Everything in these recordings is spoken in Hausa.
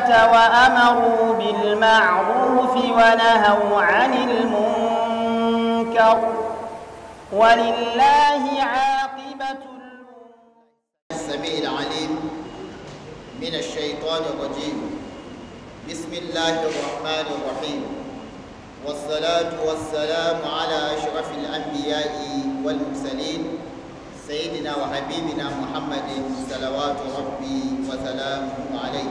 وأمروا بالمعروف ونهوا عن المنكر ولله عاقبة السميع العليم من الشيطان الرجيم بسم الله الرحمن الرحيم والصلاة والسلام على أشرف الأنبياء والمرسلين سيدنا وحبيبنا محمد صلوات ربي وسلامه عليه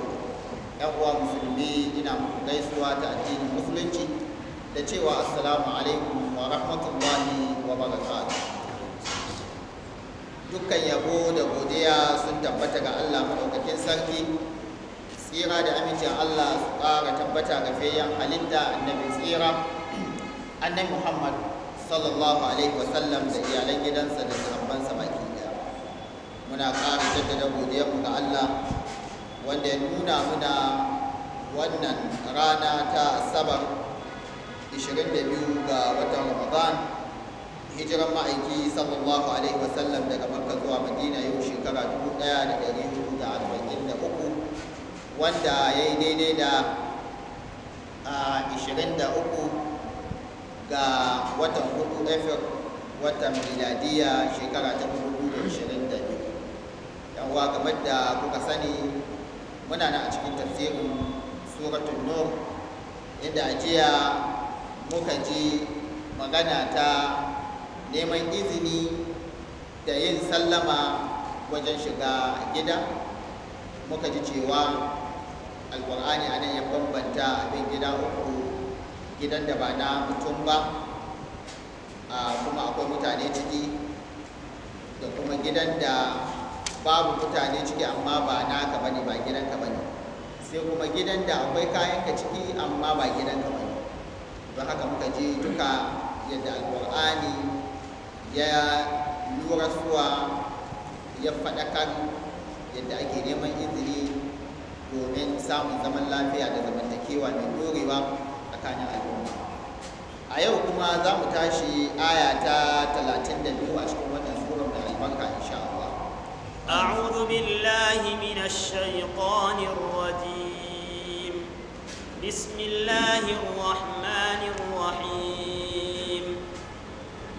'yan'uwa musulmi ina muku gaisuwa ta addinin musulunci da cewa assalamu alaikum wa rahmatullahi wa barakatuh dukkan yabo da godiya sun tabbata ga Allah maɗaukakin sarki tsira da amincin Allah su ƙara tabbata ga fayyan halitta annabi tsira annabi Muhammad sallallahu alaihi wasallam da iyalan gidansa da sahabbansa baki daya muna ƙara jaddada godiyarmu ga Allah wanda ya nuna muna wannan rana ta asabar 22 ga watan ramadan hijiran ma'aiki sallallahu alaihi wasallam daga makka zuwa madina yau shekara 1443 wanda ya yi daidai da 23 ga watan hudu efir watan miladiya shekara 2022 yan kamar da kuka sani muna nan a cikin tafsirin suratul nur inda ajiya muka ji magana ta neman izini da yin sallama wajen shiga gida muka ji cewa alkur'ani a nan ya bambanta abin gida uku gidan da ba na mutum ba kuma akwai mutane ciki da kuma gidan da babu mutane ciki amma ba naka bane ba gidanka bane sai kuma gidan da akwai kayanka ciki amma ba gidanka bane don haka muka je duka yadda alkur'ani ya lura suwa ya faɗakar yadda ake neman izini domin samun zaman lafiya da zamantakewa mai dorewa tsakanin al'umma a yau kuma za mu tashi aya ta talatin da biyu a cikin wannan surar da albarka insha أعوذ بالله من الشيطان الرجيم بسم الله الرحمن الرحيم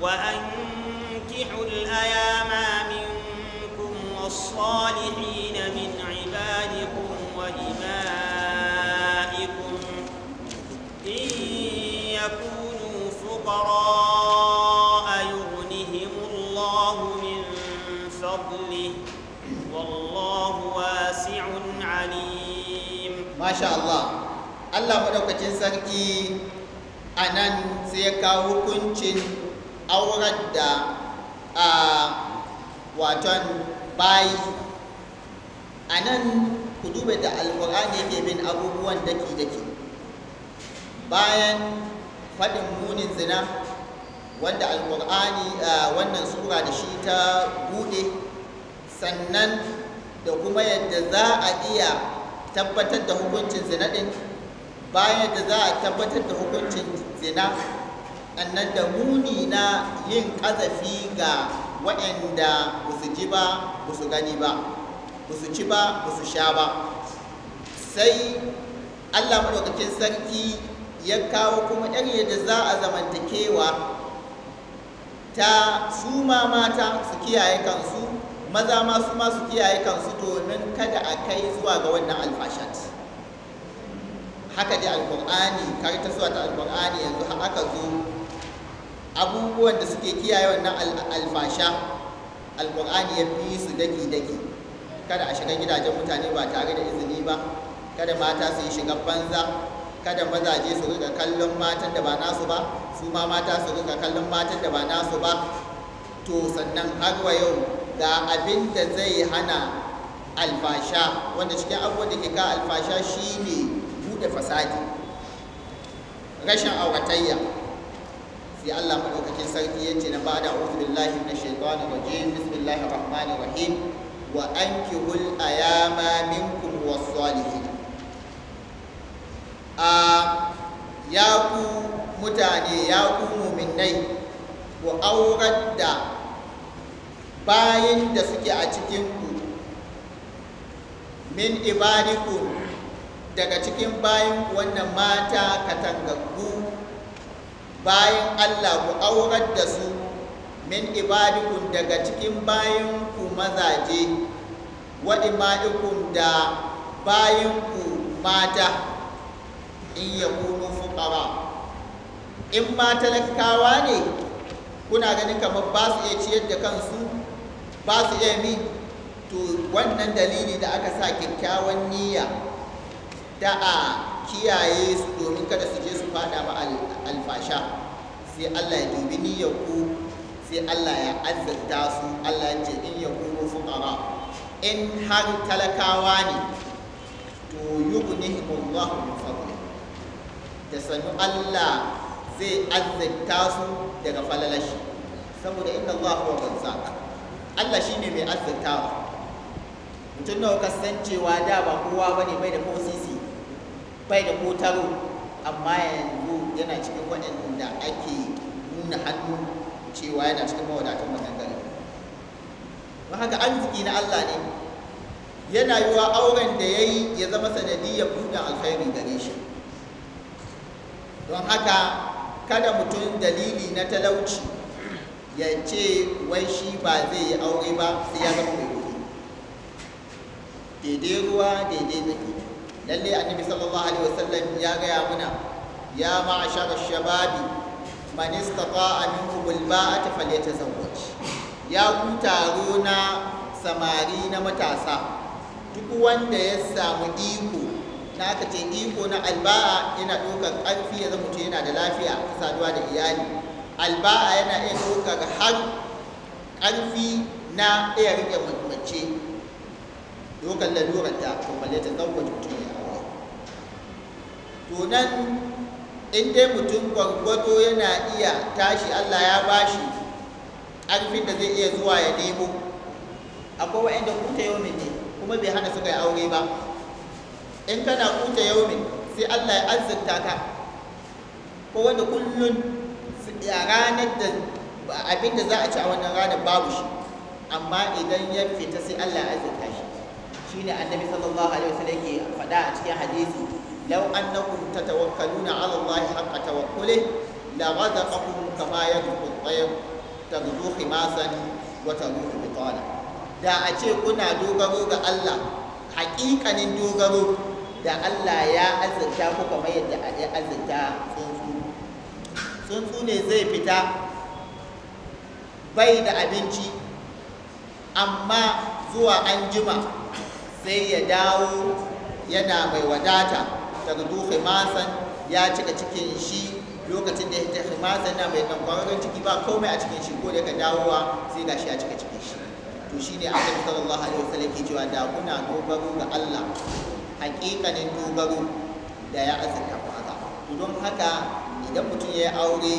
وأنكحوا الأيام منكم والصالحين من عبادكم وإمامكم masha Allah Allah maɗaukacin sarki a nan sai ya kawo hukuncin aurar da a waton bayi a nan ku duba da alkur'ani yake bin abubuwan daki-daki bayan faɗin munin zina wanda alkur'ani wannan sura da shi ta buɗe sannan da kuma yadda za a iya tabbatar da hukuncin zina ɗin bayan da za a tabbatar da hukuncin zina annan da muni na yin ƙazafi ga waɗanda ba su ji ba ba su gani ba ba su ci ba ba su sha ba sai allah maɗaukakin sarki ya kawo kuma ɗan yadda za a zamantakewa ta suma mata su kiyaye kansu maza masu masu kiyaye kansu domin kada a kai zuwa ga wannan alfashat haka dai alkur'ani kar ta zuwa ta alkur'ani yanzu har zo abubuwan da suke kiyaye wannan alfasha alkur'ani ya fi su daki daki kada a shiga gidajen mutane ba tare da izini ba kada mata su yi shiga banza kada mazaje su riga kallon matan da ba nasu ba su ma mata su riga kallon matan da ba nasu ba to sannan har wa yau ga abin da zai hana alfasha wanda cikin abubuwan da ke ka alfasha shine bude fasadi rashin auratayya sai Allah madaukakin sarki ya ce na bada a'udhu billahi minash shaitanir rajim bismillahir rahmanir rahim wa ankihul ayama minkum was-salihin a ya ku mutane ya ku muminai ku aurar da bayin da suke a cikinku min ibadiku daga cikin bayan wannan mata katangaggu bayan Allah ku aurar da su min ibadikun daga cikin bayan ku mazaje wa imadikun da bayan ku mata in ya kunu fukara. in ma talakawa ne kuna ganin kamar ba su iya ciyar da kansu ba su iya mi to wannan dalili da aka sa kyakkyawan niyya ta a kiyaye su domin kada su je su fada ba alfasha sai Allah ya dubi niyyar ku sai Allah ya azzata su Allah ya ce in yakunu fuqara in har talakawa ne to yughnihimullahu min fadli da sanu Allah zai azzata su daga falalashi saboda inna Allah huwa razzaq Allah shi ne mai wa. mutum nawa kasancewa da ba kowa ba ne bai da ko sisi bai da ko amma yanzu yana cikin waɗanda ake nuna hannu cewa yana cikin mawadatan wannan gari ba haka arziki na Allah ne yana wa auren da ya yi ya zama ya buɗe alkhairi gare shi don haka kada mutum dalili na talauci ya ce wai shi ba zai yi aure ba sai ya zama mai kuɗi daidai ruwa daidai zaki lalle annabi sallallahu alaihi wasallam ya gaya muna ya a ma'ashara shababi man istata'a minkum ta falyatazawwaj ya ku taro na samari na matasa duk wanda ya samu iko na aka ce iko na alba'a yana ɗaukar ƙarfi ya zama yana da lafiya ta saduwa da iyali alba'a yana iya ɗaukar har ƙarfi na iya riƙe mace dokar lalurar ta kuma ta ɗaukar mutum ya aure to nan in dai mutum gwargwado yana iya tashi allah ya bashi ƙarfin da zai iya zuwa ya nemo akwai wa'anda kuta yau ne kuma bai hana suka yi aure ba in kana kuta yau sai allah ya arzikta ka ko wanda kullum ranar da abin da za a ci a wannan ranar babu shi amma idan ya fita sai Allah ya azurta shi Shi ne annabi sallallahu alaihi wasallam ke faɗa a cikin hadisi law annakum tatawakkaluna ala Allah haqqa tawakkulih la razaqakum kama yadqu at-tayr tadhu khimasan wa tadhu bitala da a ce kuna dogaro ga Allah hakikanin dogaro da Allah ya azurta ku kamar yadda ya azurta tsuntsu tsuntsu ne zai fita bai da abinci amma zuwa an jima sai ya dawo yana mai wadata daga duka masan ya cika cikin shi lokacin da ya tafi masan na mai ɗanƙwararren ciki ba komai a cikin shi ko da ka dawowa sai ga shi a cika cikin shi to shi ne abin sallallahu alaihi wasallam ke cewa da kuna dogaro ga Allah hakikanin dogaro da ya azurta ku haka haka idan mutum ya yi aure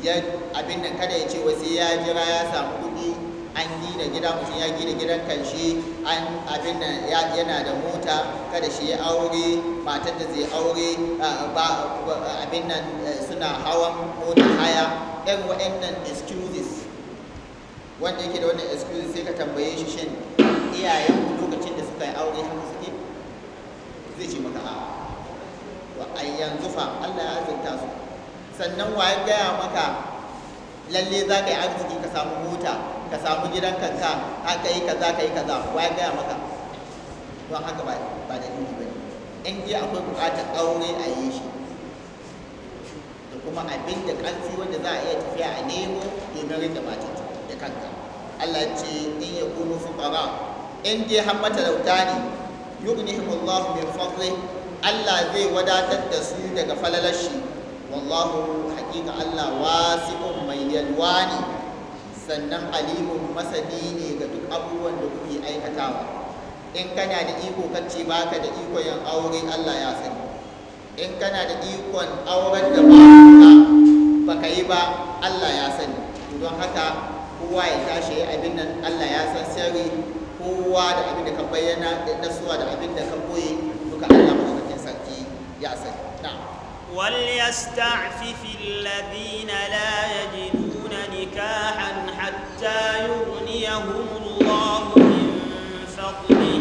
ya abin nan kada ya ce wasu sai ya jira ya samu kuɗi an gina gida mutum ya gina gidan kanshi an abin nan yana da mota kada shi ya aure matar da zai aure abin nan eh, suna hawan mota haya ɗan waɗannan excuses wanda yake da wannan excuses sai ka tambaye shi shin iyayen lokacin da suka yi aure haka suke zai ce maka a yanzu fa Allah ya azurta su sannan wa ya gaya maka lalle za ka yi arziki ka samu mota ka samu gidan kanka haka yi kaza ka yi kaza wa ya gaya maka don haka ba ba da inji ba ne in dai akwai bukatar aure a yi shi da kuma abin da ƙarfi wanda za a iya tafiya a nemo domin rage matar da kanka Allah ce in ya kunu fara. in dai har matalauta ne yughnihimullahu min fadli Allah zai wadatar da su daga falalar shi wallahu haƙiƙa Allah wasi'un mai yalwa ne sannan alimun masani ne ga duk abubuwan da kuke aikatawa in kana da iko kacce baka da iko yan aure Allah ya sani in kana da ikon auren da ba baka yi ba Allah ya sani don haka kowa ya tashi ya abin nan Allah ya san sirri kowa da abin da ka bayyana da nasuwa da abin da ka koyi duka Allah madaukakin sarki ya sani وليستعفف الذين لا يجدون نكاحا حتى يغنيهم الله من فضله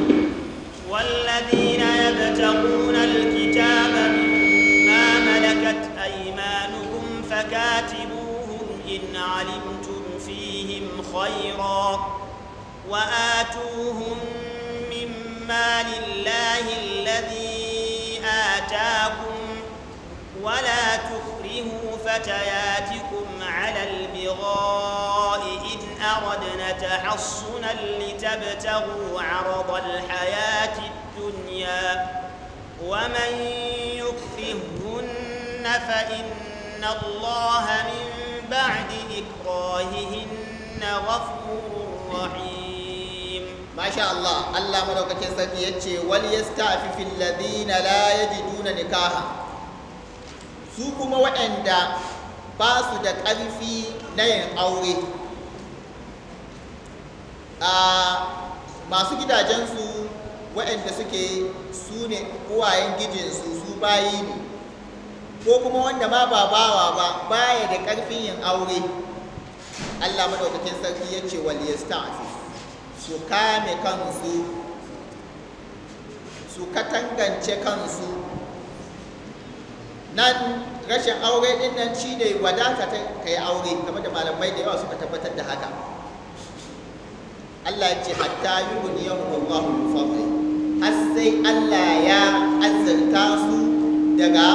والذين يبتغون الكتاب مما ملكت أيمانهم فكاتبوهم إن علمتم فيهم خيرا وآتوهم مما لله الذي آتاكم ولا تكرهوا فتياتكم على البغاء إن أردنا تحصنا لتبتغوا عرض الحياة الدنيا ومن يكرهن فإن الله من بعد إكراههن غفور رحيم ما شاء الله الله ملوكك سكي يتشي وليستعفف الذين لا يجدون نكاحا su kuma waɗanda ba su da ƙarfi na yin aure a masu gidajensu waɗanda suke su ne uwayen gijinsu su bayi ne ko kuma wanda ma ba bawa ba baya da ƙarfin yin aure allah maɗaukacin sarki ya ce waliyasta su kame kansu su katangance kansu nan rashin aure din nan shi ne wadata ta yi aure kamar da malamai da yawa suka tabbatar da haka Allah ya ce hatta yughni yahullahu min fadli har sai Allah ya azzarta su daga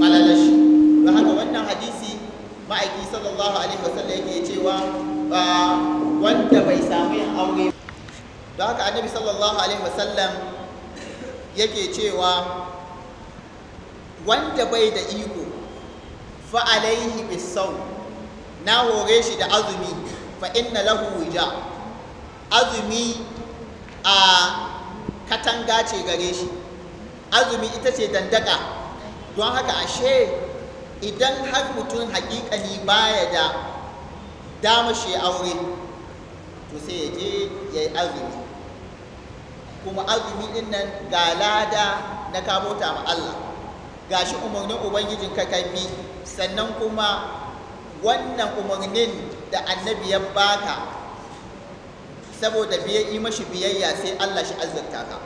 falalashi don haka wannan hadisi ma'aiki sallallahu alaihi wasallam yake cewa wanda bai samu yin aure don haka annabi sallallahu alaihi wasallam yake cewa wanda bai da iko fa'alaihi alaihi bisau na hore shi da azumi fa inna azumi a katanga ce gare shi azumi ita ce dandaka don haka ashe idan har mutum hakikani baya da dama shi aure to sai ya je ya yi azumi kuma azumi din nan ga lada na kamota ma Allah gashi umarnin ubangijin ka bi sannan kuma wannan umarnin da annabi ya baka saboda biye yi mashi biyayya sai Allah shi azurta ka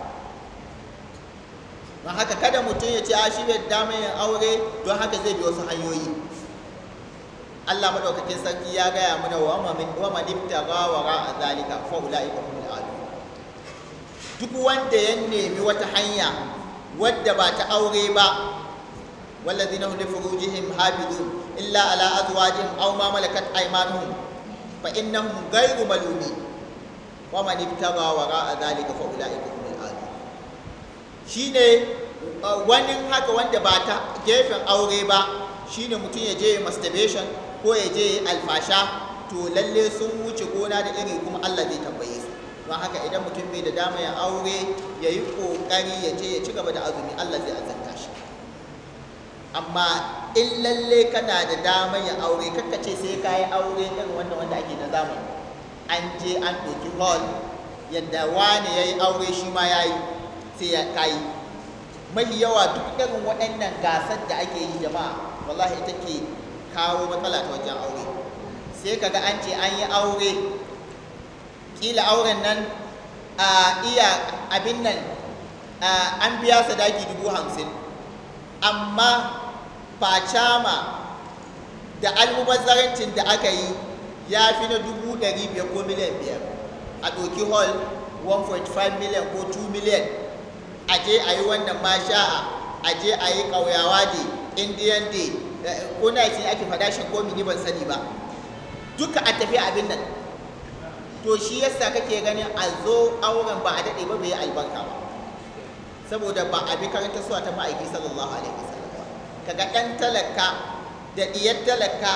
Ba haka kada mutum ya ce a ah, shi bai damar yin aure don haka zai bi wasu hanyoyi Allah madaukakin sarki ya gaya mana wa ma ibtaga wara a zalika fa ka humul adun duk wanda ya nemi wata hanya wadda ba ta aure ba والذين هم لفروجهم حافظون إلا على أزواجهم أو ما ملكت أيمانهم فإنهم غير ملومين ومن ابتغى وراء ذلك فأولئك هم العادون shine wani haka wanda ba ta gefen aure ba shine mutum ya je masturbation ko ya je alfasha to lalle sun wuce gona da iri kuma Allah zai tambaye su don haka idan mutum bai da dama ya aure ya yi ƙoƙari ya je ya ci gaba da azumi Allah zai azanta shi amma in lalle kana da dama ya aure kakka ce sai ka yi aure irin wanda wanda ake na zamani an je an ɗauki hall yadda wani ya yi aure shi ma ya yi sai ya kayi mafi yawa duk irin waɗannan gasar da ake yi jama'a wallahi ita ke kawo matsala ta wajen aure sai kaga an ce an yi aure kila auren nan a iya abin nan an biya sadaki dubu hamsin amma facama da almubazzarancin da aka yi ya fi na dubu ɗari biyar ko miliyan biyar a doki hall 1.5 miliyan ko 2 miliyan a je a yi wannan masha'a a je a yi ƙauyawa da indian day eh, ko na yake ake faɗa shi ko mini ban sani ba duka a tafi abin nan to shi yasa kake ganin a zo auren ba a daɗe ba bai yi albarka ba saboda ba a bi karanta suwa ta ma'aiki sallallahu alaihi wasallam kaga ɗan talaka da ɗiyar talaka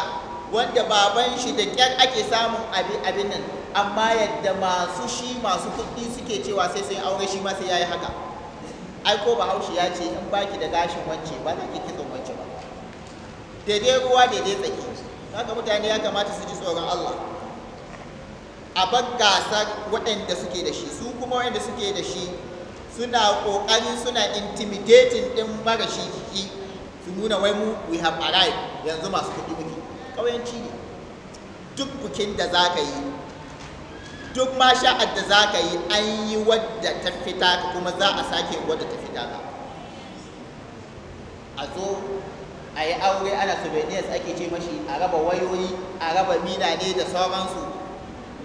wanda baban shi da ƙyar ake samun abin nan amma yadda masu shi masu kuɗi suke cewa sai sun aure shi ma sai yayi haka ai ko bahaushe ya ce in baki da gashin wance ba za ki kitson wance ba daidai ruwa daidai tsaki haka mutane ya kamata su ji tsoron Allah a bar gasar waɗanda suke da shi su kuma waɗanda suke da shi suna ƙoƙari suna intimidating ɗin mara shi su nuna wai mu we have arrived yanzu masu kuɗi muke ƙauyanci ne duk bukin da za ka yi duk ma sha'ad da za ka yi an yi wadda ta fita ka kuma za a sake wadda ta fita ka a zo a yi aure ana souvenirs ake ce mashi a raba wayoyi a raba mina ne da sauransu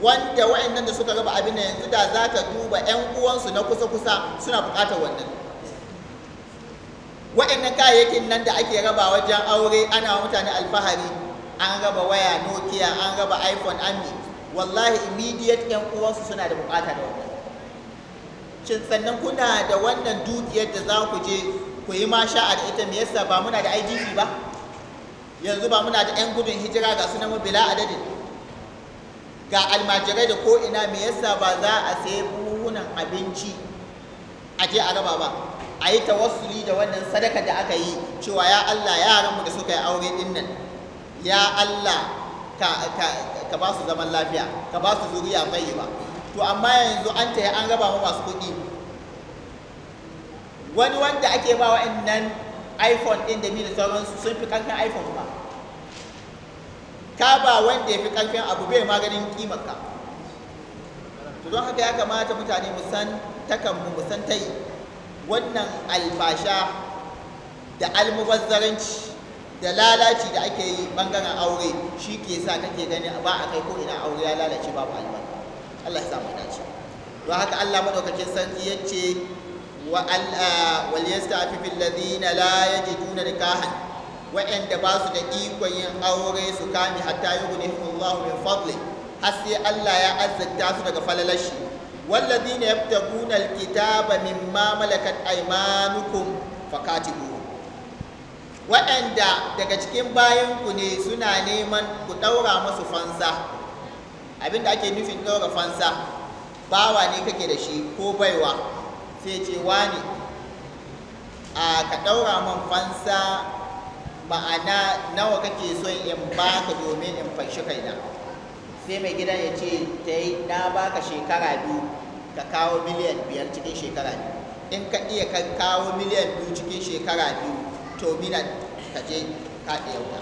wanda wa'annan da suka raba abin da yanzu da za ka duba 'yan uwansu na kusa-kusa suna buƙatar wannan Waɗannan kayayyakin nan da ake raba wajen aure ana wa mutane alfahari an raba waya nokia an raba iphone an wallahi immediate yan uwansu suna da bukata da wannan shin sannan kuna da wannan dukiyar da za ku je ku yi masha da ita me yasa ba muna da IGP ba yanzu ba muna da yan gudun hijira ga su sunan bila adadin ga almajirai da ko ina me yasa ba za a sayi buhunan abinci a je a raba ba a yi tawassuli da wannan sadaka da aka yi cewa ya Allah yaranmu da suka yi aure din nan ya Allah ka ba su zaman lafiya ka ba su zuriya ba. to amma yanzu an tayi an raba mu masu kuɗi wani wanda ake ba nan iphone din da da sauransu sun fi ƙarfin iphone ba ka ba wanda ya fi ƙarfin abu bai maganin kimarka to don haka ya kamata mutane mu san takan mu san yi. wannan albasha da almubazzaranci da lalaci da ake yi bangaren aure shi ke sa kake gani ba a kai ko ina aure ya lalace babu albarka Allah ya sa mu dace don haka Allah madaukakin sarki ya ce wa wal yastafi fil ladina la yajiduna nikahan wa'anda ba su da ikon yin aure su kame hatta yughnihum Allahu min fadli har sai Allah ya azzata su daga falalashi والذين يبتغون الكتاب مما ملكت fakati فكاتبوه waɗanda daga cikin bayanku ne suna neman ku ɗaura masu fansa abinda ake nufin ɗaura fansa bawa ne kake da shi ko baiwa sai ce ne. a ka ɗaura man fansa ma'ana nawa kake son in baka domin in fanshi kaina sai mai gidan ya ce ta yi na baka shekara biyu ka kawo miliyan biyar cikin shekara biyu in ka iya ka kawo miliyan biyu cikin shekara biyu to mina ka je ka ɗiyauta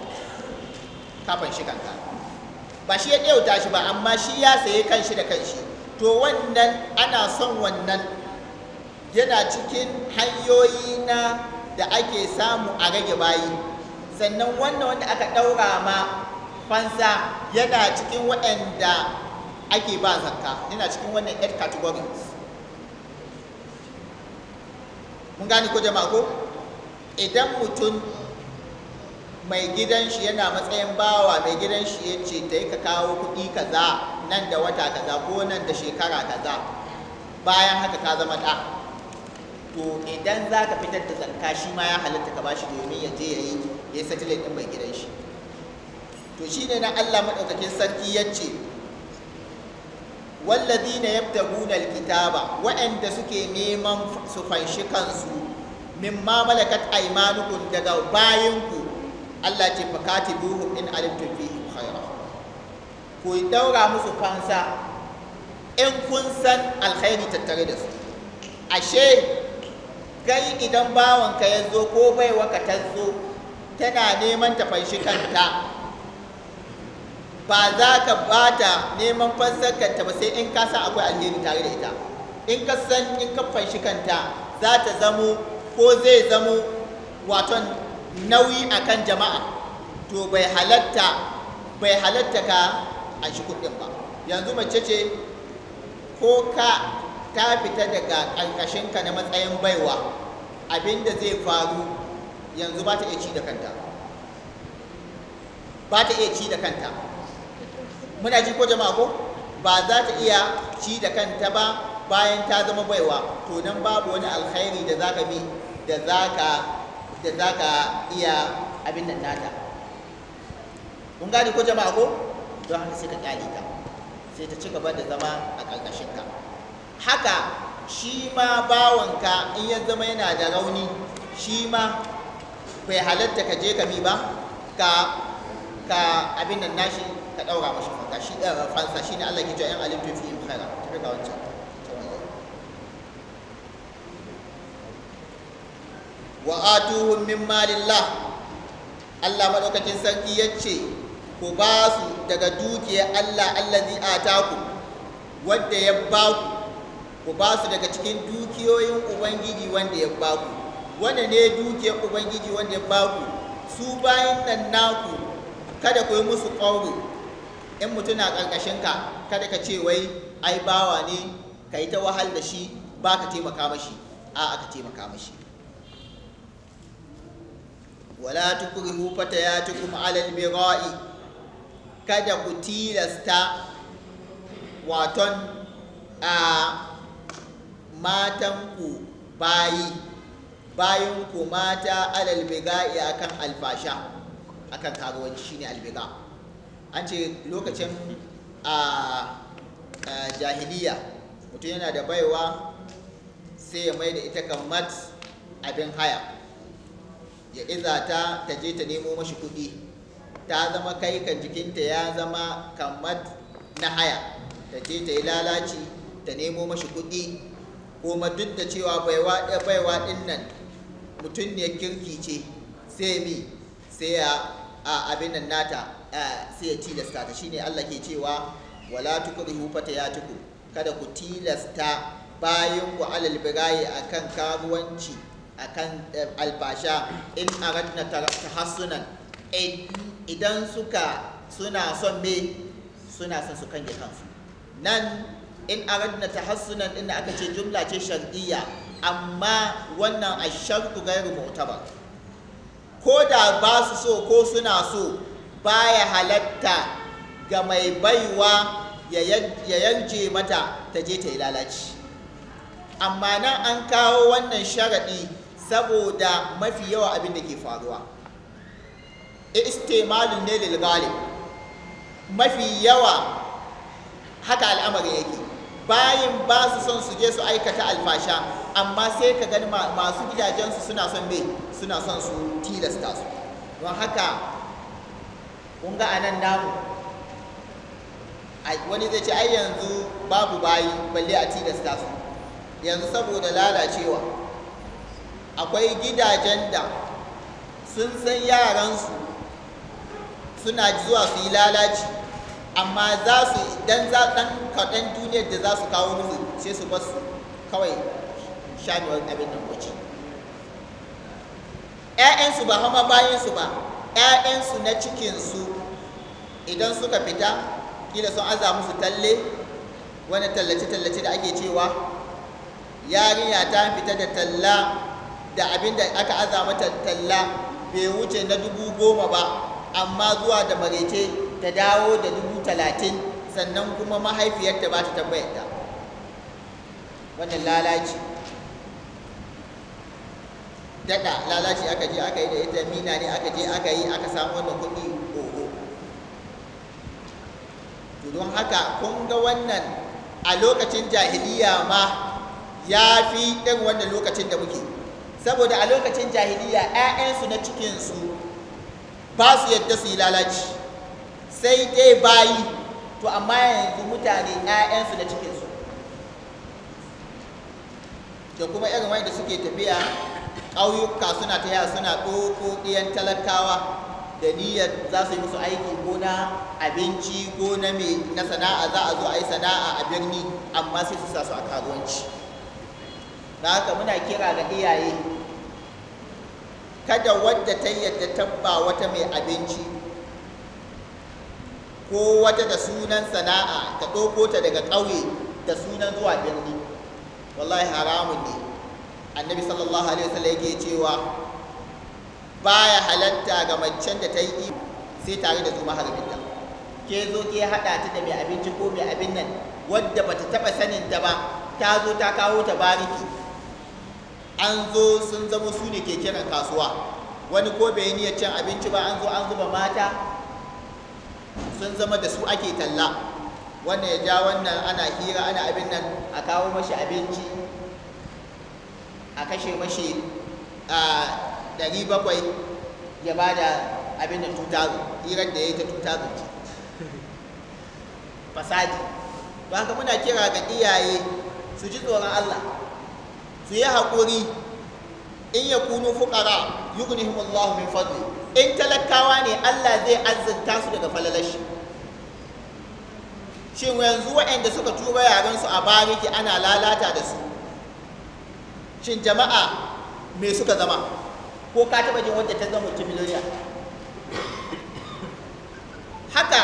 kafin shi kanka ba shi ya ɗiyauta shi ba amma shi ya saye kanshi da kanshi to wannan ana son wannan yana cikin hanyoyi na da ake samu a rage bayi sannan wannan wanda aka ɗaura ma fansa yana cikin waɗanda ake ba zakka yana cikin wannan eight categories mun gane ko jama'a ko idan mutum mai gidan shi yana matsayin bawa mai gidan shi ya ce ta yi ka kawo kuɗi kaza nan da wata kaza ko nan da shekara kaza bayan haka ka zama ɗa to idan za ka fitar da zakka shi ma ya halatta ka ba shi domin ya je ya yi ya yi satellite ɗin mai gidan shi to ne na Allah maɗaukakin sarki yace walladina yabtaguna kitaba, wa'anda suke neman su fanshi kansu mimma malakat aymanukum daga bayanku Allah ce fakatibuhum in alimtum fihim khaira ku daura musu fansa in kun san alkhairi tattare da su ashe gai idan bawanka ya zo ko baiwa ka ta zo tana neman ta fanshi kanta ba za ka ba ta neman fansar ba sai in ka san akwai alheri tare da ita in ka san in ka fanshi kanta za ta zamo ko zai zamo waton nauyi a kan jama'a to bai halatta bai halatta ka a shi kuɗin ba yanzu mace ce ko ka ta fita daga ƙarƙashinka na matsayin baiwa abinda zai faru yanzu ba ta iya ci da kanta ba ta iya ci da kanta muna ji ko jama'a ko ba za ta iya ci da kanta ba bayan ta zama baiwa to nan babu wani alkhairi da ka bi da ka da ka iya abin nan nata kun gani ko jama'a ko don haka sai ka kyale ta sai ta ci gaba da zama a ƙarƙashin ka haka shi ma bawanka in ya zama yana da rauni shi ma bai halatta ka je ka bi ba ka ka abin nan nashi ka ɗaura mashi fanka shi eh, fansa ne Allah ke jiya yan alim fi fihim khaira tafi wancan wa atuhum min malillah Allah madaukakin sarki ya ce ku ba su daga dukiyar Allah allazi ataku wanda ya ba ku ku ba su daga cikin dukiyoyin ubangiji wanda ya ba ku wanda ne dukiyar ubangiji wanda ya ba ku su bayan nan naku kada ku yi musu ƙauri in mutum na karkashin ka kada ka ce wai ai bawa ne ka yi ta wahal da shi ba ka taimaka mashi a aka taimaka mashi wala tukrihu fatayatukum alal mira'i kada ku tilasta waton a matanku bayi bayan ku mata alal biga'i akan alfasha akan karuwanci shine albiga' an ce lokacin a jahiliya mutum yana da baiwa sai ya mai da ita kammat abin haya ya iza ta ta je ta nemo mashi kuɗi ta zama kai kan jikinta ya zama kammat na haya ta je ta yi lalaci ta nemo mashi kuɗi kuma duk da cewa baiwa eh, baiwa ɗin nan mutum ne kirki ce sai mi sai a abin nan nata Eh, sai ya tilasta ta shine Allah ke cewa wala hufata ya fatayatikum kada ku tilasta bayan ku alal birayi akan karuwanci akan eh, albasha in aradna tahassunan idan suka suna son me suna son su kange kansu nan in aradna tahassunan inda aka ce jumla ce shar'iyya amma wannan ashartu gairu mu'tabar ko da ba su so ko suna so baya halatta ga mai baiwa ya yanke mata ta je ta yi lalaci amma nan an kawo wannan sharaɗi saboda mafi yawa abin da ke faruwa Istimalin ne lilgali? mafi yawa haka al'amari yake bayan ba su son su je su aikata alfasha amma sai ka gani masu gidajensu suna son mai suna son su tilasta su don haka kun ga anan namu wani zai ce ai yanzu babu bayi balle a tilasta su yanzu saboda lalacewa akwai gidajen da sun san yaransu suna zuwa su yi lalaci amma za su idan za ɗan kaɗan duniyar da za su kawo musu sai su basu kawai shanuwar abin nan wuce. ‘ya'yansu ba hama bayansu ba ‘ya'yansu na cikinsu idan suka fita kila sun aza musu talle wani tallace-tallace da ake cewa yarinya ta fita da talla da abin da aka aza mata talla bai wuce na dubu goma ba amma zuwa da marece ta dawo da dubu talatin sannan kuma mahaifiyarta ba ta tambayar wannan lalaci daɗa lalaci aka je aka yi da ita mina ne aka je aka yi aka samu wannan kuɗi to don haka kun ga wannan a lokacin jahiliya ma ya fi ɗin wannan lokacin da muke saboda a lokacin jahiliya 'ya'yansu na cikinsu ba su yadda su yi lalaci sai dai bayi to amma yanzu mutane 'ya'yansu na cikinsu da kuma irin wanda suke tafiya ƙauyuka suna ta suna ɗoko ɗiyan talakawa da niyyar za su yi musu aikin gona abinci ko na mai na sana'a za a zo a yi sana'a a birni amma sai su sa a karuwanci da haka muna kira ga iyaye kada wadda ta yadda tabba wata mai abinci ko wata da sunan sana'a ta ɗauko ta daga ƙauye da sunan zuwa birni wallahi haramun ne annabi sallallahu alaihi wasallam yake cewa baya halatta ga macen da ta yi sai tare da zuma maharbinta ke zo ke haɗa ta da mai abinci ko mai abin nan wadda bata taɓa sanin ta ba ta zo ta kawo ta bariki an zo sun zama su ne ke kiran kasuwa wani ko bai niyyar cin abinci ba an zo an zuba mata sun zama da su ake talla wannan ya ja wannan ana hira ana abin nan a kawo mashi abinci a kashe mashi ɗari bakwai ya ba da abin da zo hirar da ya yi ta zo ce fasadi ba haka muna kira ga iyaye su ji tsoron Allah su yi haƙuri in ya kunu fuƙara yughnihim Allah min fadli in talakawa ne Allah zai azzanta su daga falalashi shin yanzu waɗanda suka tuba yaren su a bariki ana lalata da su shin jama'a me suka zama ko ka taba jin wanda ta zama mutum miliyoniya haka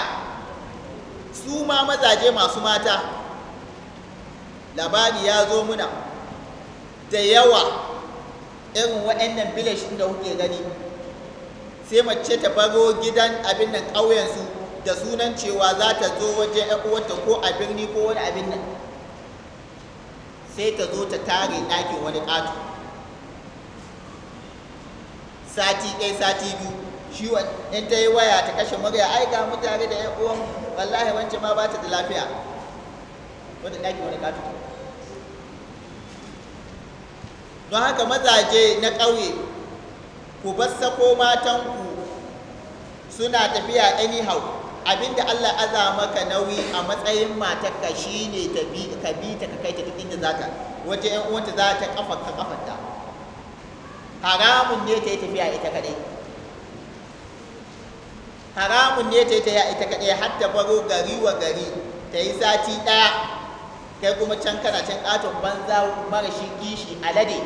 su ma mazaje masu mata labari ya zo muna da yawa irin waɗannan village da kuke gani sai mace ta baro gidan abin nan ƙauyensu da sunan cewa za ta zo wajen uwarta ko a birni ko wani abin nan sai ta zo ta tare ɗakin wani ƙato sati ɗaya sati biyu shi in ta yi waya ta kashe murya ai ga mutane da yan uwan wallahi wancan ma ba ta da lafiya wanda ɗaki wani tuto don haka mazaje na ƙauye ku matan ku suna tafiya anyhow abinda Allah aza maka nauyi a matsayin ka shine ka bi ta ka kai ta duk inda za ta wata yan uwanta za ta kafa ka ta haramun ne ta yi tafiya ita kadai haramun ne ta yi tafiya ita kadai har ta baro gari wa gari ta yi sati ɗaya kai kuma can kana can ƙaton banza shi gishi alade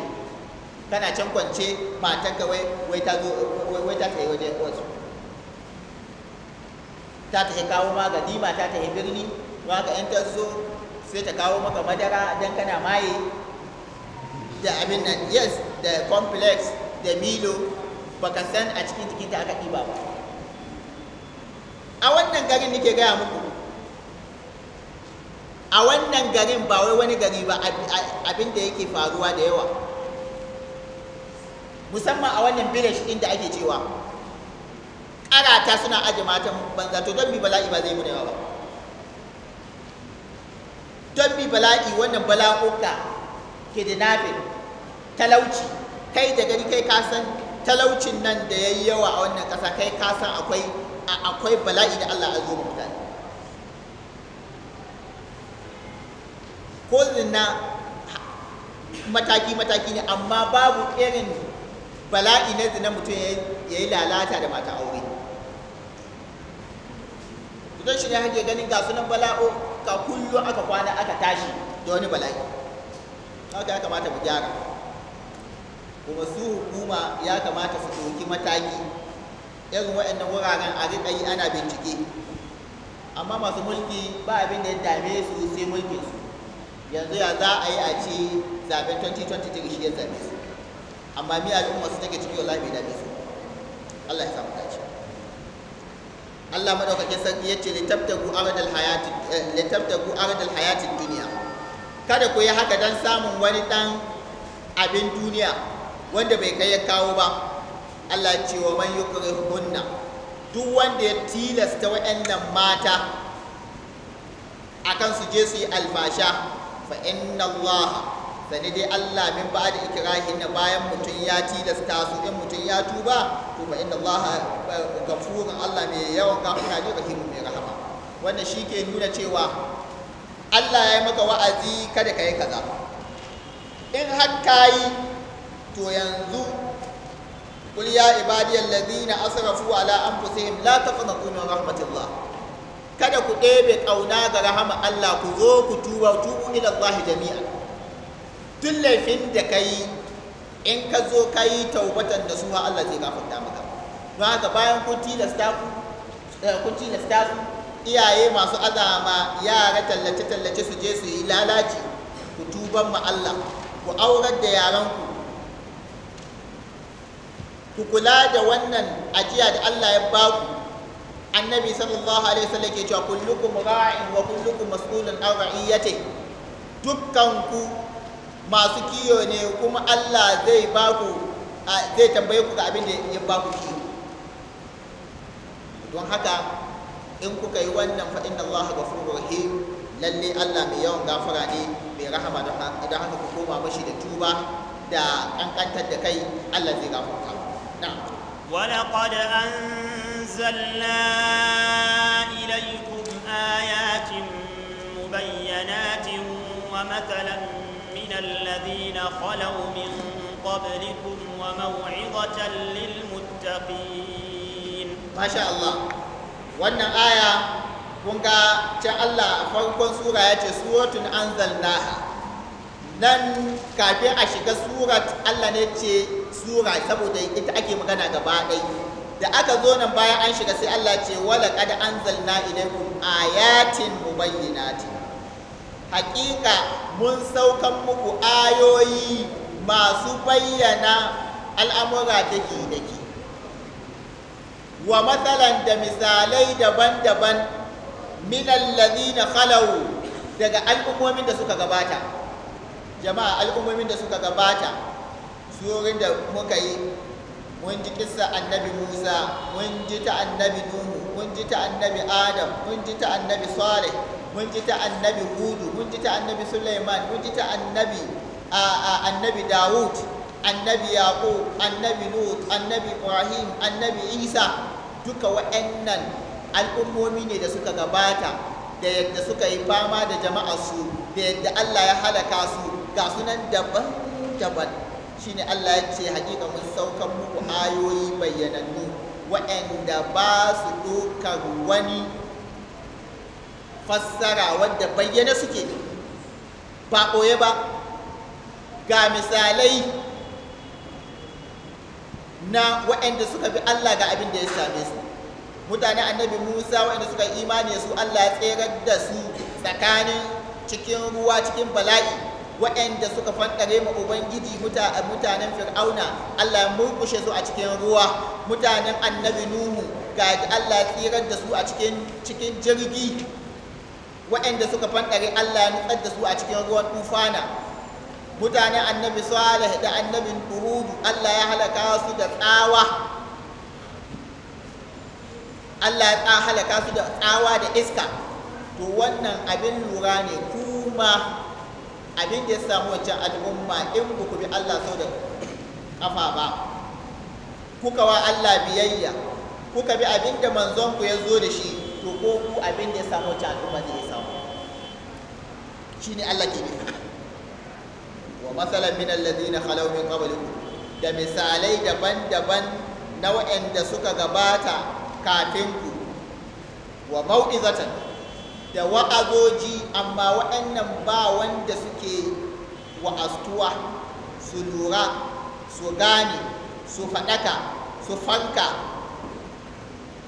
kana can kwance matanka wai wai ta zo wai ta kai waje wasu ta ta kawo ma ganima ta ta birni ba ka yan ta zo sai ta kawo maka madara dan kana maye da abin nan yes da complex da milo baka san a cikin jikinta aka ɗiba ba a wannan garin nake gaya muku a wannan garin ba wai wani gari ba abin da yake faruwa da yawa musamman a wannan village inda ake cewa karata suna aje matan banza to don bi bala'i ba zai mu da yawa ba don bi bala'i wannan bala'uka ke da nafin talauci kai da gani kai ka san talaucin nan da ya yi yawa a wannan ƙasa kai ka san akwai akwai bala'i da Allah ya zo mutane ko zina mataki-mataki ne amma babu irin bala'i na zina mutum ya yi lalata da mata aure don shi ne hake ganin ga sunan bala'o ka kullu aka kwana aka tashi da wani bala'i haka ya kamata mu gyara kuma su hukuma ya kamata su ɗauki mataki irin waɗannan wuraren a riƙa yi ana bincike amma masu mulki ba abin da ya dame su sai mulkin su yanzu ya za a yi a ci zaɓen 2023 shi ya zaɓe su amma mi al'umma su take ciki wallahi bai dame su Allah ya samu dace Allah madaukakin sarki ya ce tabtagu aradal hayatin li ardal hayatin eh, duniya. kada ku yi haka don samun wani ɗan abin duniya wanda bai kai ya kawo ba Allah ce wa man yukrihunna duk wanda ya tilasta waɗannan mata akan su je su yi alfasha fa inna Allah sani dai Allah min ba da ikirahi na bayan mutum ya tilasta su in mutum ya tuba to fa inna Allah eh, gafurun Allah mai yawan gafura ne rahim mai rahama wannan shi ke nuna cewa Allah ya yi maka wa'azi kada ka yi kaza in har ka yi to yanzu kul ya ibadiyal ladina asrafu ala anfusihim la taqnatu min rahmatillah kada ku ɗebe ƙauna ga rahama Allah ku zo ku tuba tubu ila Allah jami'a tun laifin da kai in ka zo ka yi taubatan da suwa Allah zai gafarta maka don haka bayan kun tilasta ku eh, kun tilasta su iyaye masu azama yara tallace tallace su je su yi lalaci ku tuban ma Allah ku aurar da ku ku kula da wannan ajiya da Allah ya ba ku annabi sallallahu alaihi wasallam ke cewa kullukum ra'in wa kullukum mas'ulun an ra'iyati dukkan ku masu kiyo ne kuma Allah zai ba ku zai tambaye ku ga abin da ya ba ku don haka in kuka yi wannan fa inna Allah ghafurur rahim lalle Allah mai yawan gafara ne mai rahama don haka ku koma mashi da tuba da kankantar da kai Allah zai gafarta ولقد أنزلنا إليكم آيات مبينات ومثلا من الذين خلوا من قبلكم وموعظة للمتقين ما شاء الله wannan aya kun ga can Allah farkon sura ya ce suratun anzalnaha nan kafin a shiga surat Allah ne ce sura saboda ita ake magana gaba ɗai da aka zo nan bayan an shiga sai Allah ce wala qad anzalna ilaykum ayatin mubayyinati haƙiƙa mun saukan muku ayoyi masu bayyana al'amura dake dake wa matsalan da misalai daban-daban minallazi na khalawu daga al'ummomin da suka gabata jama'a al'ummomin da suka gabata surin da muka yi mun ji kissa annabi musa mun ji ta annabi nuhu mun ji ta annabi adam mun ji ta annabi salih mun ji ta annabi hudu mun ji ta annabi suleiman mun ji ta annabi annabi dawud annabi yaqub annabi lut annabi ibrahim annabi isa duka wa'annan al'ummomi ne da suka gabata da yadda suka yi fama da jama'a su, da yadda allah ya halaka su ga sunan daban-daban shine Allah ya ce hakika mun saukan muku ayoyi bayyanannu wa'anda ba su dokar wani fassara wadda bayyana suke ba ɓoye ba ga misalai na wa'anda suka bi Allah ga abin da ya same su mutane annabi Musa waɗanda suka imani su Allah ya tserar da su tsakanin cikin ruwa cikin bala'i wa'anda suka fanɗare ma ubangiji mutanen fir'auna allah ya murkushe su a cikin ruwa mutanen annabi nuhu ga allah ya tsirar da su a cikin jirgi wa'anda suka fanɗare allah ya nutsar da su a cikin ruwan tufana mutanen annabi salih da annabin hudu allah ya halaka su da tsawa allah ya halaka su da tsawa da iska to wannan abin lura ne kuma abin da ya samu wancan al'umma in ku bi Allah sau da kafa ba kuka wa Allah biyayya kuka bi abin da manzon ku ya zo da shi to ko ku abin da ya samu wancan al'umma zai samu ne Allah ke nufi wa matsalan min alladhina khalaw min qablikum da misalai daban-daban na waɗanda suka gabata kafin ku wa mau'izatan da wa'azoji amma waɗannan ba wanda suke wa'astuwa su lura su gane su faɗaka su fanka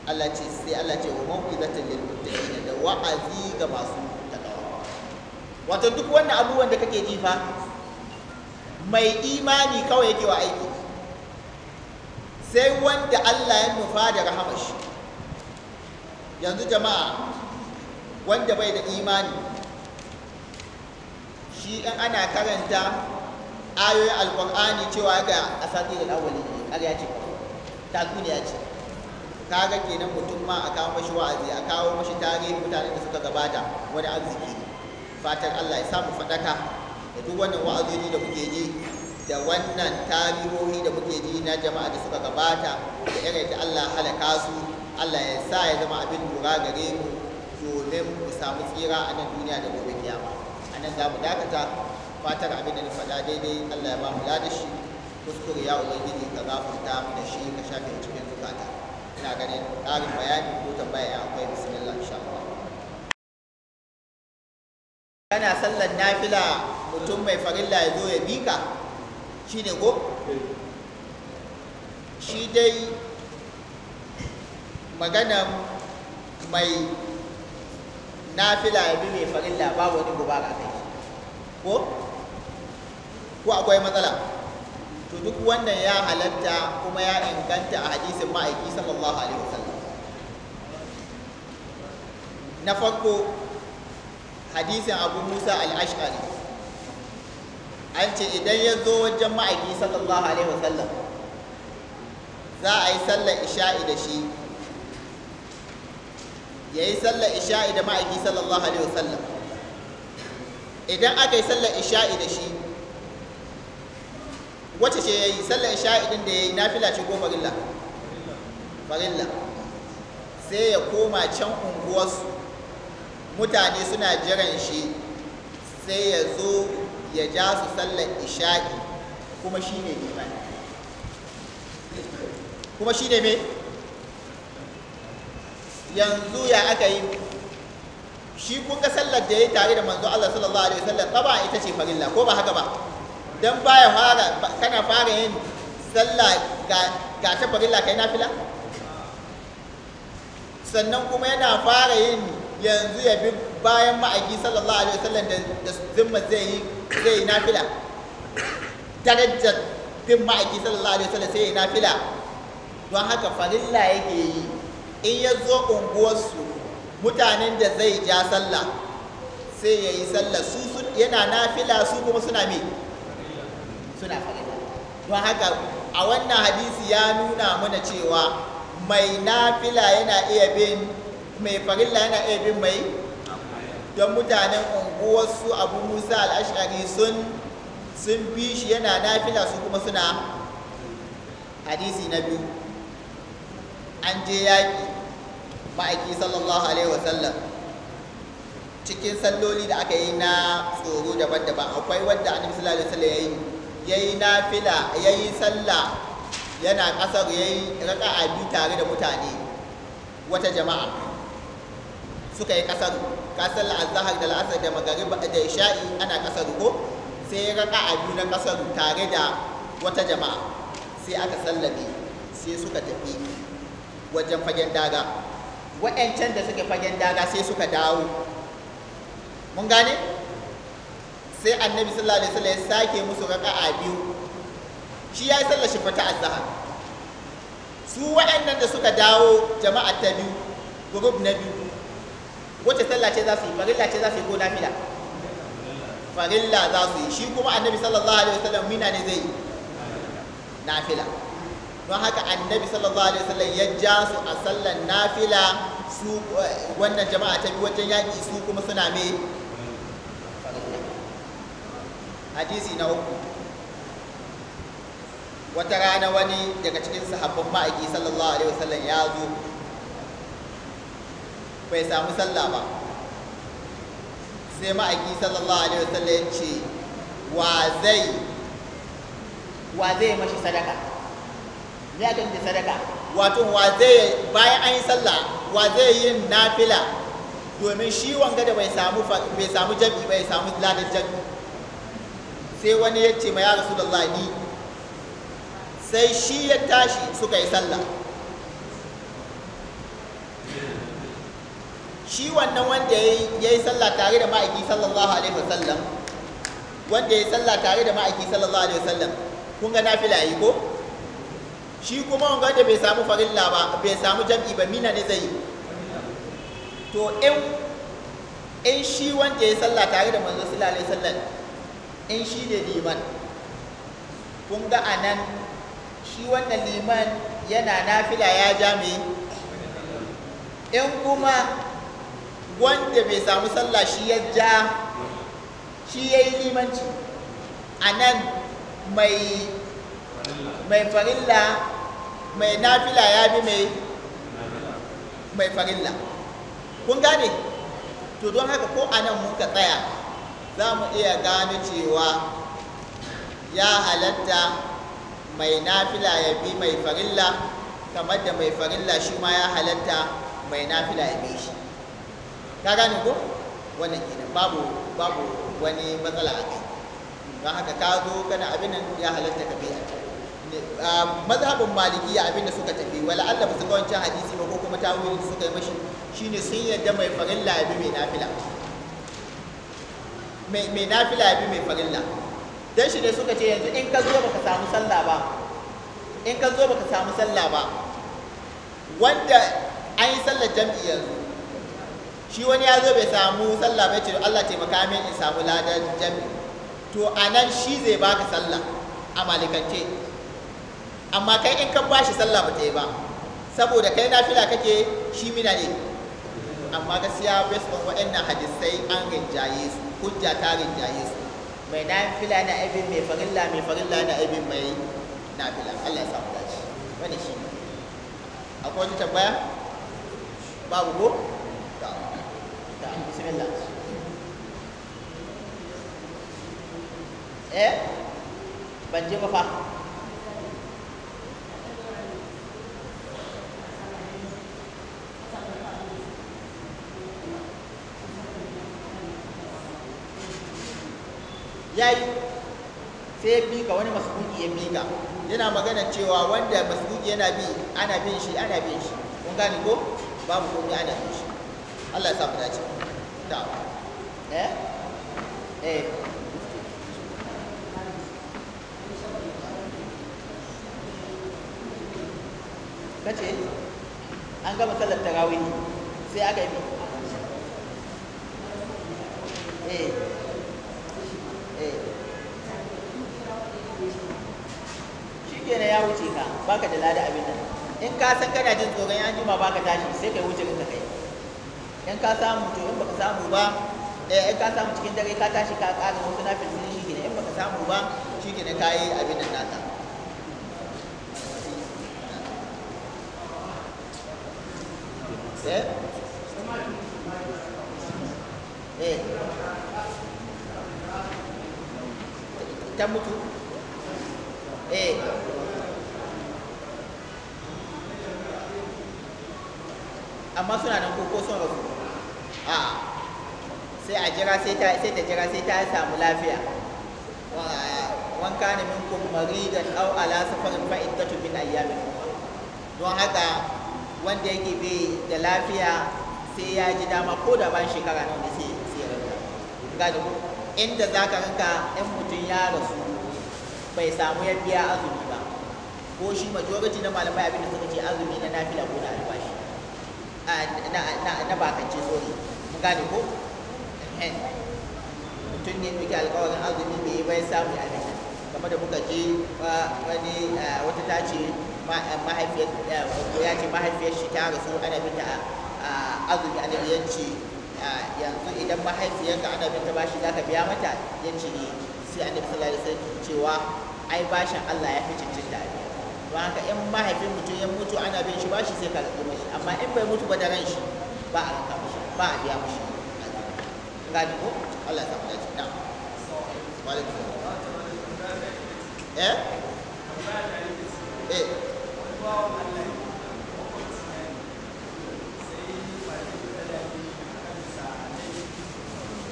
Allah sai Allah ce wa mawqizatan lil da wa'azi ga masu wato duk wannan abubuwan da kake jifa, mai imani kawai yake wa aiki sai wanda Allah ya nufa da rahamashi yanzu jama'a wanda bai da imani shi in ana karanta ayoyin alkur'ani cewa ga sati da awali ƙarya ce tatsuniya ce kaga kenan mutum ma a kawo mashi wa'azi a kawo mashi tarihin mutanen da suka gabata wani arziki ne fatan Allah ya samu fadaka da duk wannan wa'azoni da muke ji da wannan tarihohi da muke ji na jama'a da suka gabata da irin da Allah halaka su Allah ya sa ya zama abin lura gare mu kai mu samu tsira a nan duniya da gobe kiyama a nan za mu dakata fatar abin da na faɗa daidai Allah ya ba mu da shi kuskure ya ubangiji ka gafarta mu da shi ka shafe cikin zukata ina ganin ƙarin bayani ko tambaya akwai bismillah insha Allah kana sallar nafila mutum mai farilla ya zo ya bika shine ne shi dai maganar mai nafila ya bi mai farilla babu wani gubara kai ko ko akwai matsala to duk wannan ya halatta kuma ya inganta a hadisin ma'aiki sallallahu alaihi wasallam na farko hadisin abu musa al-ashqari an ce idan ya zo wajen ma'aiki sallallahu alaihi wasallam za a yi sallar isha'i da shi ya yi sallar isha'i da ma'aiki sallallahu alaihi wasallam idan aka yi sallar isha'i da shi wacce ce ya yi sallar isha'i din da ya yi nafila ce ko farilla farilla sai ya koma can unguwarsu mutane suna jiran shi sai ya zo ya ja su sallar isha'i kuma shi ne kuma shi ne mai yanzu ya aka yi shi kun ka sallar da ya tare da manzo Allah sallallahu alaihi wasallam ba ita ce farilla ko ba haka ba dan baya fara kana fara yin sallah ga ga ta farilla kai nafila sannan kuma yana fara yin yanzu ya bi bayan ma'aji sallallahu alaihi wasallam da zimma zai yi zai yi nafila darajar bin ma'aji sallallahu alaihi wasallam sai yi nafila don haka farilla yake yi in ya zo unguwarsu mutanen da zai ja sallah sai ya yi sallah su yana nafila su kuma suna me suna don haka a wannan hadisi ya nuna mana cewa mai nafila yana iya bin mai farilla yana iya bin mai don mutanen unguwarsu abu musa al'ashari sun sun bi shi yana nafila su kuma suna hadisi na biyu an je yaƙi ma'aiki sallallahu alaihi wasallam cikin salloli da aka yi na tsoro daban-daban akwai wanda annabi sallallahu alaihi wasallam na fila ya yi sallah yana kasar yayi raka'a biyu tare da mutane wata jama'a suka yi kasar kasar azhar da la'asar da magariba da isha'i ana kasar ko sai raka'a biyu na kasar tare da wata jama'a sai aka sallame sai suka tafi wajen fagen daga wa'yancan da suke fagen daga sai suka dawo mun gane sai annabi sallallahu alaihi wasallam ya sake musu raka'a biyu shi ya yi sallar shi fata azhar su wa'annan da suka dawo jama'a ta biyu group na biyu wacce sallah ce za su yi farilla ce za su yi ko nafila farilla za su yi shi kuma annabi sallallahu alaihi wasallam mina ne zai yi nafila don haka annabi sallallahu alaihi wasallam ya ja su a sallan nafila su eh, wannan jama'a ta bi wajen yaƙi su kuma suna me hadisi na uku wata rana wani daga cikin sahabban ma'aiki sallallahu alaihi wasallam ya zo bai samu sallah ba sai ma'aiki sallallahu alaihi wasallam ya ce wa zai wa zai mashi sadaka ne ka da sadaka wato wa zai bayan an yi sallah wa zai yi nafila domin shi wanga da bai samu bai samu jami bai samu ladan jami sai wani ya ce ma ya da ni sai shi ya tashi suka yi sallah shi wannan wanda ya yi sallah tare da ma'aiki sallallahu alaihi wasallam wanda ya yi sallah tare da ma'aiki sallallahu alaihi wasallam kun ga nafila yi ko shi kuma wanga da bai samu farilla ba bai samu jam'i ba mina ne zai yi to in in shi wanda ya sallah tare da manzo sallallahu alaihi wasallam in shi ne liman kun ga anan shi wannan liman yana nafila ya jami in kuma wanda bai samu sallah shi ya ja shi ya yi limanci a nan mai farilla mai nafila ya bi mai mai farilla kun gane to don haka ko a nan muka tsaya za mu iya gano cewa ya halatta mai nafila ya bi mai farilla kamar da mai farilla shi ma ya halatta mai nafila ya bi shi ka gane ko wannan kenan babu babu wani matsala a kai don haka ka zo kana abin ya halatta ka bi a kai mazhabin malikiya abinda suka tafi wala Allah ba su ga wancan hadisi ba ko kuma tawilin da suka yi mashi shine sun yadda mai farilla ya bi mai nafila mai nafila ya bi mai farilla dan shi ne suka ce yanzu in ka zo baka samu sallah ba in ka zo baka samu sallah ba wanda an yi sallar jam'i yanzu shi wani ya zo bai samu sallah ya ce Allah taimaka min in samu ladan jam'i to anan shi zai baka sallah a malikance amma kai in ka shi sallah ba ta yi ba saboda kai nafila kake shi mina ne amma gaskiya based on waɗannan hadisai an rinjaye su hujja ta rinjaye su mai na fila na abin mai farilla mai farilla na abin mai na fila, Allah ya samu dace wani shi ne akwai wata tambaya babu ko ta ta bismillah eh ban je ba fa ya yi sai ya miƙa wani masbuki ya miƙa yana magana cewa wanda masbuki yana bi ana bin shi ana bin shi kun gane ko babu komai ana bin shi Allah ya sa mu dace ta eh eh kace an gama sallar tarawih sai aka yi eh shikenan ya wuce ka baka da lada abin nan in ka san kana jin tsoron ya jima baka tashi sai kai wuce ka kai in ka samu to in baka samu ba eh in ka samu cikin dare ka tashi ka ƙara wasu na filfili shi ne in baka samu ba shi kenan ka yi abin nan naka eh? Eh. ta mutu eh amma suna nan ko sun rasu a sai a jira sai ta sai ta jira sai ta samu lafiya wan kana minkum maridan aw ala safar fa'idatu min ayyamin don haka wanda yake bi da lafiya sai ya ji dama ko da ban shekara nan da sai sai da ku. inda zaka ranka in mutum ya rasu bai samu ya biya azumi ba ko shi majority na malamai abin da suka ce azumi na nafila ko na albashi na bakance sori mun gane ko mutum ne muke alkawarin azumi bai bai samu abin nan kamar da muka je wani wata ta ce mahaifiyar ya ce mahaifiyar shi ta rasu ana binta azumi ana yanci yanzu idan mahaifiyar ka ana binta bashi za ka biya mata yanci ne eh. sai annabi sallallahu da sai cewa ai bashin Allah ya fi cancanta abin ba haka ‘yan mahaifin mutum ya mutu ana bin shi bashi sai ka rasu amma in bai mutu ba da ran shi ba a ranka mishi ba a biya mishi gani ko Allah ya samu dace na alaikum eh eh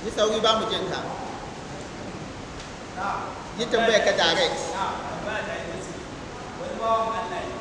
Ji sauri ba mu jinka. Ni tambaya ka direct. ba da Wani ba Allah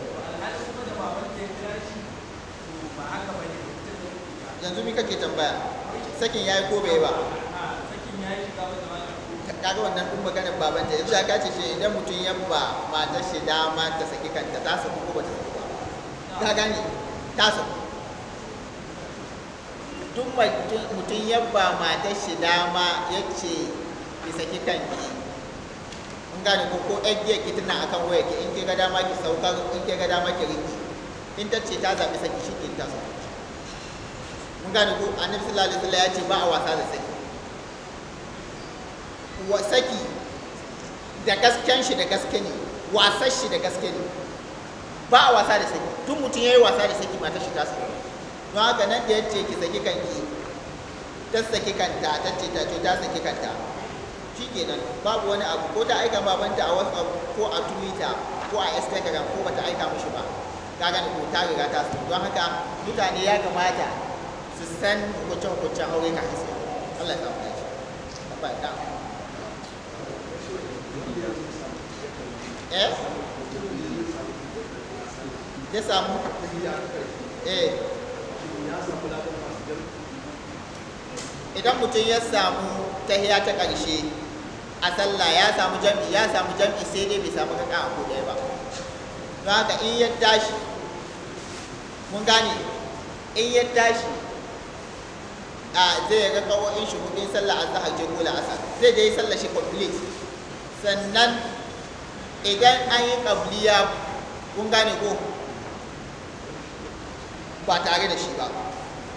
yanzu mika ke tambaya sakin ya yi ko bai ba kaga wannan duk maganar babanta yanzu ya kace shi idan mutum ya ba mata shi dama ta saki kanta ta saku ko ba ta saku ba ka gane ta saku duk mutum ya ba mata shi dama ya ce ki saki kanki in gane ko ko ɗan giya ki tana akan waya ki in ke ga dama ki sauka in ke ga dama ki riki in ta ce ta zaɓi saki shi ke ta saki mun gane ko annabi sallallahu alaihi wasallam ya ce ba a wasa da saki wa saki da gasken shi da gaske ne wasar shi da gaske ne ba a wasa da saki tun mutum ya yi wasa da saki matar shi ta saki don haka nan da yace ki saki kanki ta saki kanta ta ce ta ce ta saki kanta shi ke nan babu wani abu ko ta aika babanta a abu ko a twitter ko a instagram ko bata aika mishi ba kaga da ko ta riga ta don haka mutane ya kamata su san hukuncin-hukuncin aure ka hasi Allah ya shi dace tabbata eh ya samu eh idan mutum ya samu tahiya ta ƙarshe a sallah ya samu jam'i ya samu jam'i sai dai bai samu kaka a ko ɗaya ba don haka in ya tashi mun gane in ya tashi a zai ga in shi hudun sallah a zahar jirgin asa zai dai sallah shi complete sannan idan an yi kabliya kun gane ko ba tare da shi ba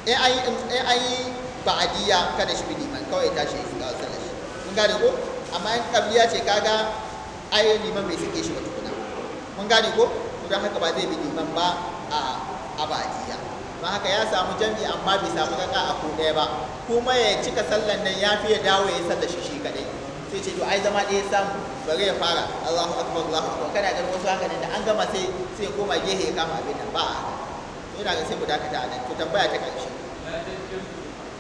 in an yi ba'adiyya kada shi bi liman kawai tashi ya shiga sallah shi mun gane ko amma in kabliya ce kaga ai liman bai suke shi ba tukuna mun gane ko don haka ba zai bi liman ba abadiya don haka ya samu jam'i amma bai samu kaka a ko ɗaya ba kuma ya cika sallan nan ya fiye dawo ya sallar shi shi kadai sai ce to ai zama ɗaya samu bari ya fara Allahu akbar Allahu akbar kana ganin wasu haka da an gama sai sai koma gehe ya kama abin nan ba a ina ga sai mu dakata a nan to tambaya ta ƙarshe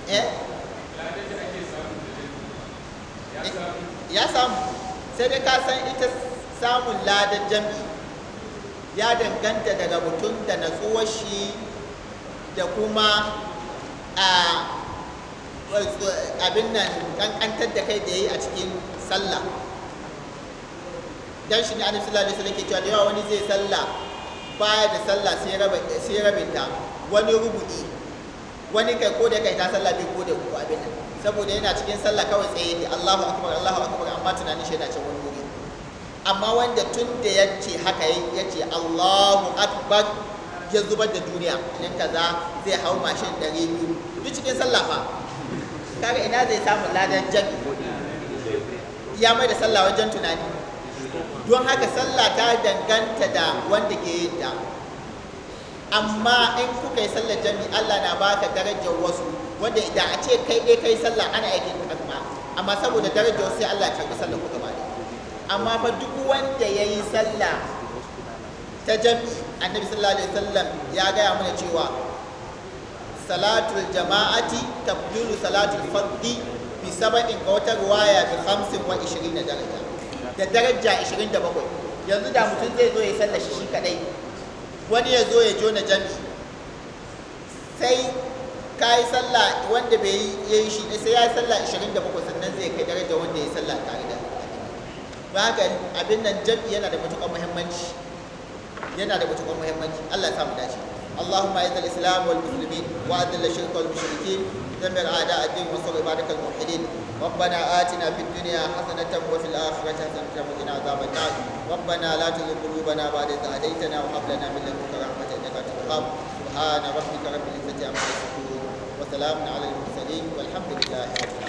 eh? Eh, ya samu sai dai ka san ita samun ladan jami'i ya danganta daga mutum da natsuwar shi da kuma a abin nan kankantar da kai da yi a cikin sallah dan shi ne annabi sallallahu alaihi ke cewa da yawa wani zai sallah baya da sallah sai rabin ta wani rubu'i wani kai ko da kai ta sallah bai ko da ku abin nan saboda yana cikin sallah kawai tsaye ne Allahu akbar Allahu akbar amma tunanin shi yana can wani amma wanda tun da ya ce haka ya ce allahu akbar ya zubar da duniya nan kaza zai hau mashin ɗari biyu duk cikin sallafa kaga ina zai samu ladan jan ya mai da sallah wajen tunani don haka sallah ta danganta da wanda ke yin ta amma in kuka yi sallar jami'i Allah na baka darajar wasu wanda idan a ce kai ɗai kai sallah ana aikin karɓa amma saboda darajar sai Allah ya karɓi sallar kuka ba amma fa duk wanda ya yi sallah ta jami annabi sallallahu alaihi wasallam ya gaya mana cewa salatul jama'ati tabdulu salatul faddi bi sab'in ga wata riwaya bi 25 daraja da daraja 27 yanzu da mutum zai zo ya sallah shi shi kadai wani ya zo ya jona jami sai ka sallah wanda bai yi shi sai ya yi sallah 27 sannan zai kai daraja wanda ya yi sallah tare da haka abin nan jam'i yana da matuƙar muhimmanci yana da matuƙar muhimmanci Allah ya samu dace اللهم اعز الاسلام والمسلمين واذل الشرك والمشركين دمر اعداء الدين وانصر عبادك الموحدين ربنا اتنا في الدنيا حسنه وفي الاخره حسنه وقنا عذاب النار ربنا لا تزغ قلوبنا بعد اذ هديتنا وهب لنا من لدنك رحمه انك انت الوهاب سبحان ربك رب العزه عما يصفون وسلام على المرسلين والحمد لله رب العالمين